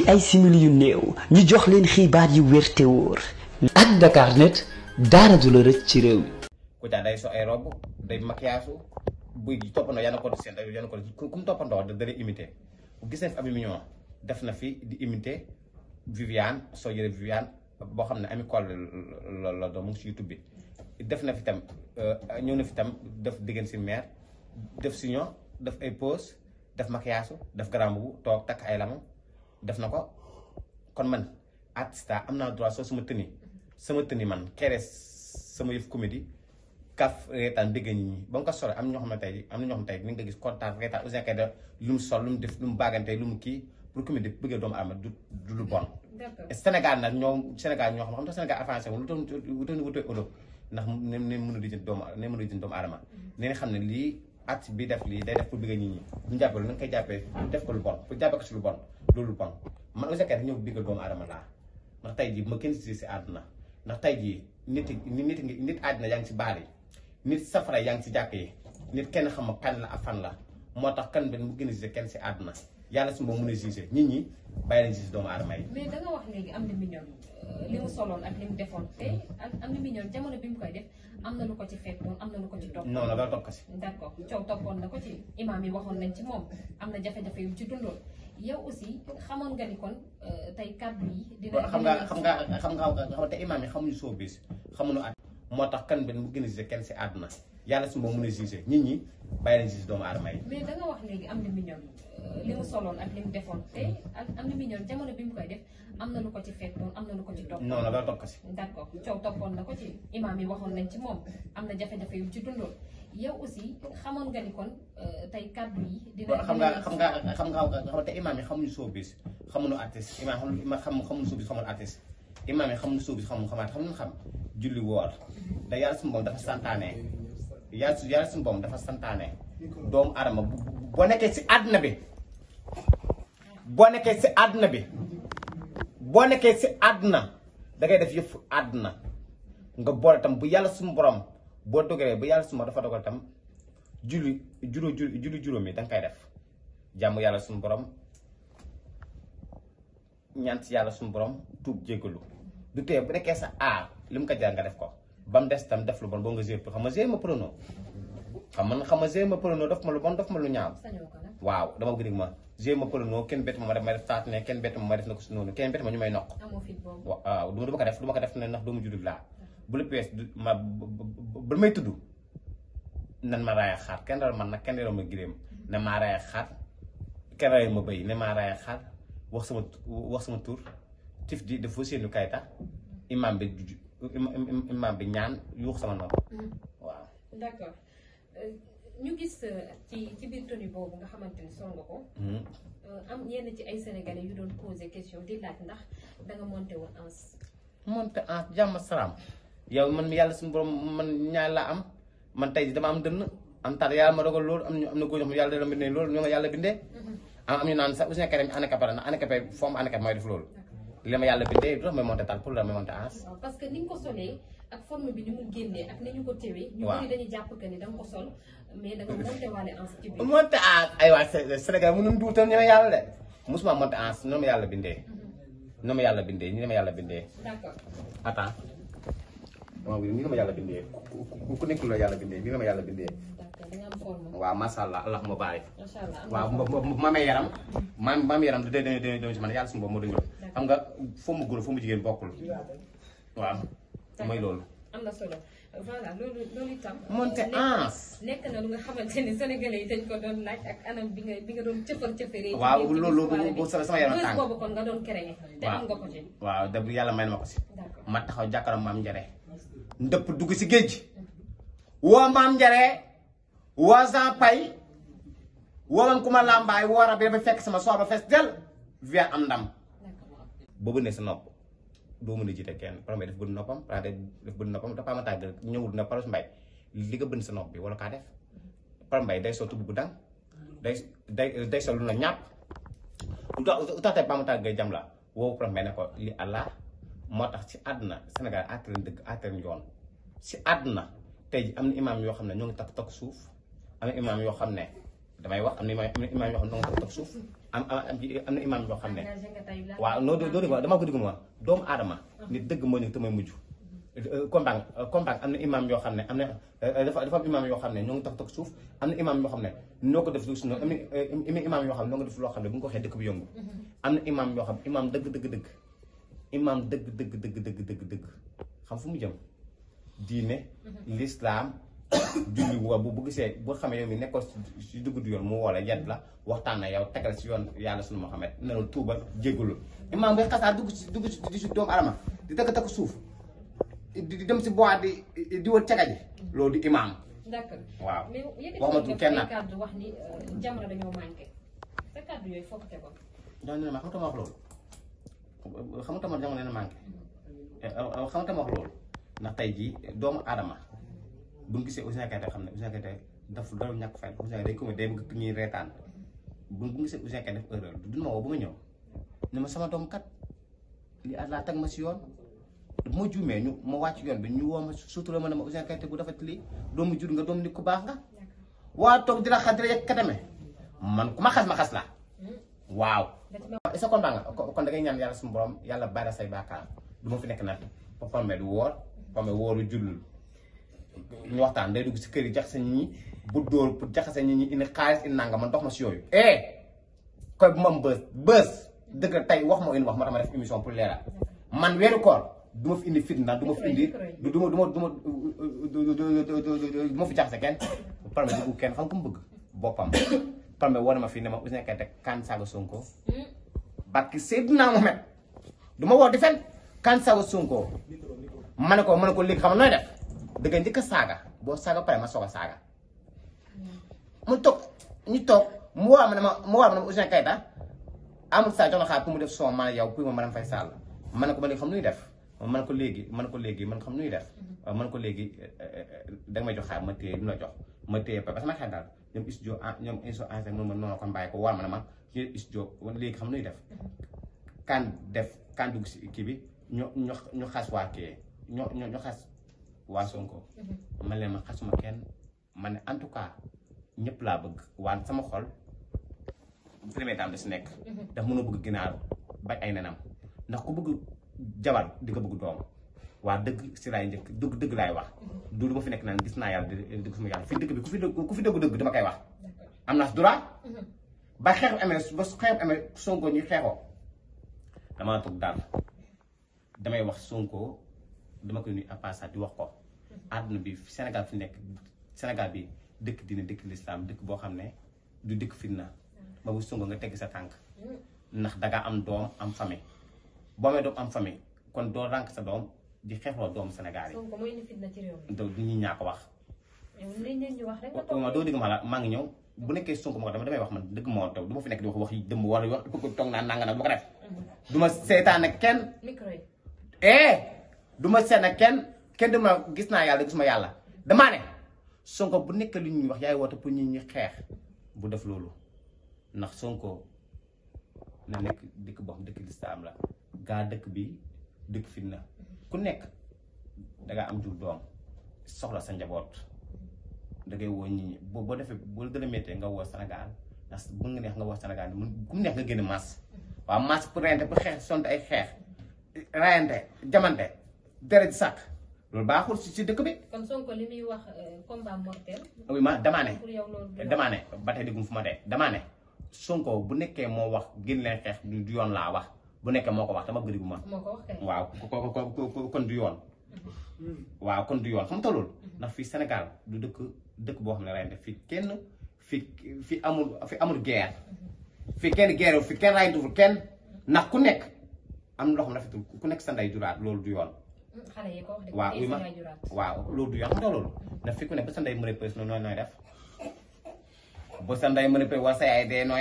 ci ay simili yu néew ñu jox leen xibaar yu wér te wóor. ak daara du la rëcc ci réew mi. ku daan day so ay rob day maquillage buy toppandoo yaa na ko seen yaa na ko ku mu toppandoo imité gis nañ fi Ami Mignon def na fi di imité Viviane soo jëlee Viviane boo xam ne Ami Cole la la doon mu ngi YouTube bi def na fi tam euh, ñëw na fi tam def diggante si mère def si ñoom def ay pause def maquillage def garambu toog takk ay lam def na ko kon man artiste am naa droit soo sama tëni sama tëni man kerees sama yëf comédie kaf reetaan dégg a ñi ba nga ko sore am na ñoo xam na ñoo xam ne tey ni nga gis kontaan reetaan Ouzin Keita lu mu sol lu def lu mu baagante lu mu kii pour comédie bëggee doomu aadama du du lu bon Sénégal nag ñoom Sénégal ñoo xam xam ne Sénégal avancé wu lu doon wutoon wutee Europe ndax a di jënd doomu ne mën a di jënd doomu aadama mhm. xam ne lii at bi def lii day def pour bëgg nit ñi bu jàppee lu nga koy jàppee def ko lu bon pour jàppee ko si lu bon loolu bon man Ouzin Keita ñëw bëggal doomu aadama laa ndax tey jii ma kenn si si àdduna ndax tey jii nit nit nit àddina yaa ngi si baar yi nit safara yaa ngi si jàkk yi nit kenn xam kan la a fan la moo tax kan benn mu gën a gisee kenn si àdduna yàlla su ma mën a nit ñi bàyyi lañ si doomu aadama yi. mais da nga wax léegi am na mignon li mu soloon ak li mu defoon te am na mignon jamono bi mu koy def am na lu ko ci fekkoon am na lu ko ci topp. noonu la dara topp ko si. d' accord coow toppoon na ko ci imaam nañ ci moom am na jafe yow aussi xamoon nga ni kon euh, tey kàddu yi. dina xam nga xam nga xam nga xam nga te imaam yi xamuñu soo bis xamuñu moo tax kan benn mu gën a kenn si àdduna yàlla si moom mën a jugé nit ñi bàyyi leen jugé doomu aadama yi. mais da wax léegi am na mignon euh, li mu soloon ak li mu defoon te ak am na mignon jamono bi mu koy def am na lu ko ci fekkoon am na ko ci topp. non non dara topp ko d' accord coow toppoon na ko ci imaam yi waxoon nañ ci moom am na jafe-jafe yu ci dundoon yow aussi xamoon nga ni kon euh, tey kàddu yi. dina xam nga xam nga xam nga xam te imaam yi xamuñu showbiz xamuñu artiste imaam xam xamuñu showbiz xamuñu artiste imaam yi xamuñu showbiz xamuñu xamaat xam nañu xam julli woor mm-hmm. da yàlla su moom dafa santaane yàlla su yàlla suñu boom dafa santaane doomu adama boo nekkee si àddina bi boo nekkee si àdduna bi boo nekkee si àdduna da def yëpp àdduna nga boole tam bu yàlla suñu borom boo dogalee bu yàlla suma dafa dogal tam julli juróom julli juróomi da koy def jàmm yàlla suñu borom ñaan si yàlla suñu borom tuub jéggalu du tee bu nekkee sa aar li mu ko jar nga def ko ba mu des tam def lu bon boo nga gérer xam nga gérer ma prono xam man xam nga gérer ma prono def ma lu bon daf ma lu ñaaw. waaw dama bëgg ma gérer ma prono kenn bett ma ma def ma ne kenn bett ma ma def na ko si noonu may ko def du ma ko def ne ndax doomu jullit laa. bu la pees ma ba may tudd nan ma raaya xaar kenn dara man nag kenn dara ma gireem ne maa raaya xaar kenn raaya ma raaya xaar wax sama wax sama tur tif di dafa séenu kayita imam bi. imam bi ñaan yuux sama nopp mm-hmm. waaw d'accord euh, ñu gis euh, ci ci biir tenue boobu nga xamante ni sol nga ko mm-hmm. euh, am yenn ci ay sénégalais yu doon posé question di laaj ndax danga monté woon ans monté ans jàmm salaam yow man yàlla suñu borom man ñaar laa am man tey dama am dënn am taat yàlla ma dogal loolu am ñu am na góor ñoo xam yàlla dama bindee loolu ñoo nga yàlla bindee am mm-hmm. ah, am ñu naan sax Ouzin Keita mi handicapé la na handicapé foo am handicapé mooy def loolu li ma yàlla bindee du tax may monté tal pour la may monté as. parce que ni nga ko solee ak forme bi ni mu génnee ak ni ñu ko téwee. waaw ñu bëri dañuy jàpp que ni da nga ko sol mais da nga monté waale ans ci biir. monté as aywa Sénégal mënuñu duutal ñu ne yàlla de mosuma monté as noonu yàlla bindee. Mhm. noonu yàlla bindee ñu ne ma yàlla bindee. d'accord attends. waaw nii la ma yàlla bindee ku ku ku nekkul la yàlla bindee nii la ma yàlla bindee. waaw macha allah allah ma baare. macha allah waaw ma ma yaram. ma ma yaram da da da da si man yàlla suñu bopp moo dëgëral. xam nga foo mu góor foo mu jigéen bokkul. waaw mooy loolu. am na solo voilà loolu loolu itam. Euh, monté ans nekk na lu nga xamante ni sénégalais yi dañ ko doon laaj ak anam bi nga bi nga doon cëfar cëfaree. da ma ko si. ma taxaw njare ndëpp dugg si géej woo maam njare wasan pay waroon ku ma làmbaay woora bi dafa fekk sama soor ba fees del weer am ndam ba bënee sa nopp doo mën a jiite kenn promé daf bën noppam raa daf bën noppam te pama na paros mbay li nga bën bi wala kaa def day sol tubb bu dang day day day sol lu na ñàpp lu tax tey pama tàgg ngay jam la woowu promé ne ko li Allah moo tax ci àdduna Sénégal àtte leen dëgg àtte yoon si àdduna tey am na imaam yoo xam ne ñoo ngi takk takk suuf am na imaam yoo xam ne damay wax am na imaam yoo xam ne danga ko toog suuf am am na imaam yoo xam ne waaw non doo dégg damaa ko dégg ma doomu aadama nit dëgg moo ñu te may mujj comprendre euh, comprendre euh, am na imaam yoo xam ne am na euh, dafa dafa am imaam yoo xam ne ñoo ngi toog toog suuf am na imaam yoo xam ne noo ko def lu suñu am na imaam yoo xam ne noo ko def loo xam ne bu ñu ko waxee dëkk bi yëngu am na imaam yoo xam imaam dëgg dëgg dëgg imaam dëgg dëgg dëgg dëgg dëgg dëgg xam fu mu jëm diine mm-hmm. l'islam julli bu bu bu see boo xamee yow mi nekkoon si dugg du yoon mu woo la yedd la waxtaan na yaw tegal si yoon yàlla sunu Muhammad nanu tuubal jégalu imaam bi xasaa dugg si dugg si si doomu di takk takk suuf di dem si bois di di wër caga ji loolu di imaam d'accord waaw waxmatul kenn nag wax ni euh, jamono dañoo manqué sa kàddu yooyu foog te ko ma xamutama wax loolu xamutama jamono ne manqué mm-hmm. eh, xamutama wax loolu ndax tey jii doomu adama bu ñu gisee Ouzin Keita xam ne Ouzin Keita daf doon ñàkk fay Ouzin Keita day ko day bëgg bu ñu gisee Ouzin Keita def erreur du ne ma sama doom kat li at laa teg ma si yoon bu ma juumee ñu ma wàcc yoon bi ñu woo ma sutura ma ne ma Ouzin Keita bu dafa lii doomu jur nga doom ni ku baax nga waa toog dina xas dina yegg katame man ku ma xas ma xas la waaw. est-ce que kon baa kon da ngay ñaan yàlla suñu borom yàlla bari say baakaar du ma fi nekk naa ba Pombe du woor Pombe wooru jullul. ñu waxtaan day dugg si kër yi jaxase ñi bu dóor pour jaxase ñi ñu indi xaalis indi nanga man dox ma si yooyu. eh koy bu ma am bës bës dëgg tey wax ma indi wax ma dama def émission man weeru koor du ma fi indi fitna du ma fi indi du ma du ma du ma du ma fi jaxase kenn. xam ko mu bëgg boppam parme war ma fii ne ma Ouzin Keita kan saaga Sonko barki Seydina Mohamed du ma woo di fen kan saaga Sonko ma ne ko ma ne ko léegi xam nooy def. da nga njëkk saaga boo saaga pare ma soog a saaga. mu toog ñu toog mu woo ma ne ma mu woo ma ne ma Ouzin Keita amul jox na xaar pour mu def son man yow pour ma mën a ma ne ko ba léegi xam def ma ne ko léegi ma ko léegi man xam nuy def ma ne ko léegi eh, eh, eh, danga may jox xaar ma téye lu la jox ma téye parce que ma xel ñoom studio en noonu ma noonu kon bàyyi ma ne ma ci léegi xam nuy def kan def kan dugg si bi ñu ñu ñu xas waa kii ñu xas waa Sonko. Mhm. man leen ma xasuma kenn ma ne en tout cas ñëpp laa bëgg waan sama xol premier temps bi si nekk. Mhm. daf mën a bëgg ginaaru bañ ay nenam ndax ku bëgg jabar di nga bëgg doom waa dëgg si laay njëkk dëgg dëgg laay wax. Mhm. du lu ma fi nekk naan gis naa yàlla di dëgg suma yàlla fi dëgg bi ku fi dëgg ku fi dëgg dëgg dama koy wax. am naa si droit. ba xeex amee ba xeex amee Sonko ñu xeexoo damaa toog daal damay wax Sonko dama koy nuyu à di wax ko. àdduna bi Sénégal fi nekk Sénégal bi dëkk dina dëkk lislaam dëkk boo xam ne du dëkk fitna mm. ba bu sungo nga tegg sa tànk mm. ndax dangaa am doom am famille boo amee doom am famille kon doo rànk sa doom di xeexloo doom Sénégal yi doo du ñuy ñaa ko wax waaw doo dégg ma la maa ngi ñëw bu nekkee Sonko ma ko dama wax man dëgg moo taw du ma fi nekk di wax wax yi dëmm wala wax toog naa nanga nag du ma ko def mm. seetaan ak kenn eh du ma seet ak kenn kenn dem naa gis naa yàlla gisuma yàlla damaa ne sonko bu nekk lu ñuy wax yaay woote pour ñu ñu xeex bu def loolu ndax sonko na nekk dikk boo xam dëkk lislaam la gaa dëkk bi dëkk fitna ku nekk dangaa am jur doom soxla sa njaboot dangay woo nit ñi boo boo defee boo la gën a méttee nga woo bu neex nga woo Sénégal mun ku mu neex nga génn masse xeex sont ay xeex reyante jamante deret sàkk loolu baaxul si si dëkk bi. kon Sonko li muy wax euh, combat mortel. Ah oui damaa ne damaa ne ba tey déggu fu ma dee damaa ne Sonko bu nekkee moo wax gën leen xeex du yoon laa wax bu nekkee moo ko wax dama bëri bu ma. ko waaw kon du yoon. Mm-hmm. kon du yoon xam nga loolu. Mm-hmm. ndax fii Sénégal du dëkk dëkk boo xam ne rayante fi kenn fi fi amul fi amul guerre. Mm-hmm. fi kenn guerre fi kenn rayante fi kenn ndax ku nekk am na loo xam ne ku nekk sa ndey juraat loolu du yoon. xale ko waaw uy ma waaw loolu du yoon xam nga loolu ndax fi ku ne ba sa ndey mën a pës nooy nooy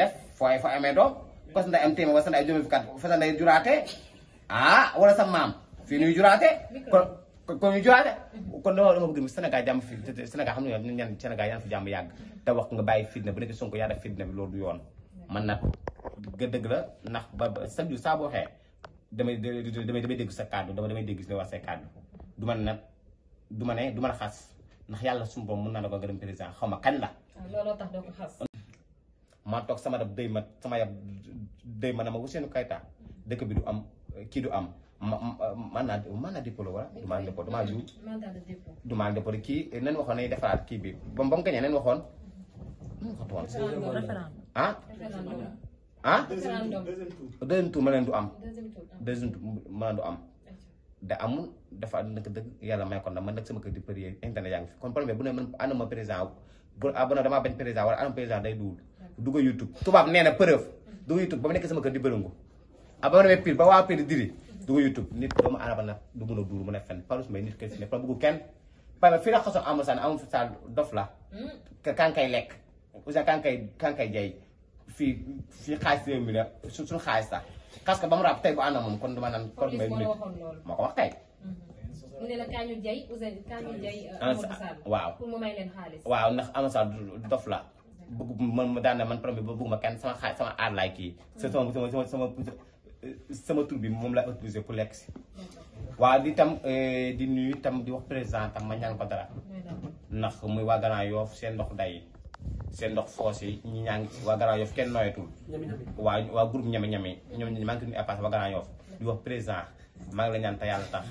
def foo sa amee doom ba sa ndey am téeméer war sa ndey juróom sa ah, wala sa maam fii nuy juraatee kon kon ñu juraate kon dama dama bëgg mu Sénégal jàmm fi Sénégal xam nga ñun ñan Sénégal yàlla fi yàgg te wax nga bàyyi fitna bu nekk Sonko yaa def fitna bi loolu du yoon man nag dëgg la ndax ba chaque jour saa xee damay damay damay dégg sa kàddu damay dégg si wax say kàddu du ma nag du ma ne du ma xas ndax yàlla suñu bopp mën naa ne ko gërëm président xaw ma kañ la. looloo tax doo ko xas. sama dab ma sama yab day ma na ma Ousseynou Kayta dëkk bi du am kii du am ma ma man naa dépôt la wala du maa dépôt du maa ju. du maa kii nañ waxoon nañ defaraat kii bi ba mu ba waxoon. ah. ah deuxième tour ma leen du am deuxième tour ah. ma leen du am da amul dafa naka dëgg yàlla may kon na man nag sama kër di prier internet yaa ngi fi kon problème bu ne man ànd ma président bu abona ah, damaa bañ président wala anam président day duwul dugg YouTube tubaab nee na preuve dugg YouTube ba mu nekk sama ka di bërëngu ah ba ma demee Pire ba waa Pire diri dugg YouTube nit doomu araba nag du mun a duur mu ne fenn Pawlish Mbaye nit kër si ne fa bëggu kenn parce que fii la xasoon amasaan amul fi sa dof la hmm. kankay lekk usa kankay kankay jay fii fii xaalis mi la su suñu xaalis sax parce que ba mu raab tey bu ànd moom kon dama naan kon ko wax tey mhm. mu ne la Kañu Ndiaye Ousseynou Kañu Ndiaye. Ah, euh, waaw pour mu may leen xaalis. waaw dof la. bëgg man daan man problème bi ma kenn sama xaalis sama aar laay kii. Mm. sama sama sama euh, sama tur bi moom laa utilisé pour lekk si. waaw di tam euh, di nuy tam di wax président tam ma ñaan ko dara. ndax muy waa Grand Yoff seen ndox day. seen ndox foos yi ñi ñaa ngi ci waa Grand Yoff kenn nooyatul waa waa groupe ñame-ñame ñoom ñi maa ngi tudd Epass waa Grand Yoff di wax maa ngi la ñaan te tax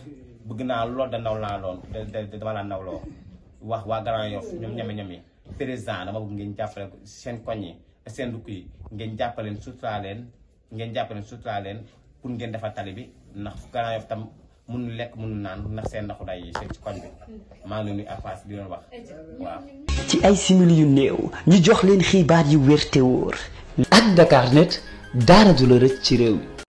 bëgg naa lool da naw laa loon dama laa nawloo wax waa Grand Yoff ñoom ñame-ñame président dama bëgg ngeen jàppale seen koñ yi seen dukk yi ngeen jàppaleen sutura leen ngeen jàppaleen sutura pour ngeen defar tali bi ndax Grand Yoff tam mun lekk mun naan ndax seen ndaxu day seet ci mm. maa ngi nuyu afaas di doon ci ay simili yu néew ñu jox leen xibaar yu wér te wóor. ak Dakar daara du la rëcc ci réew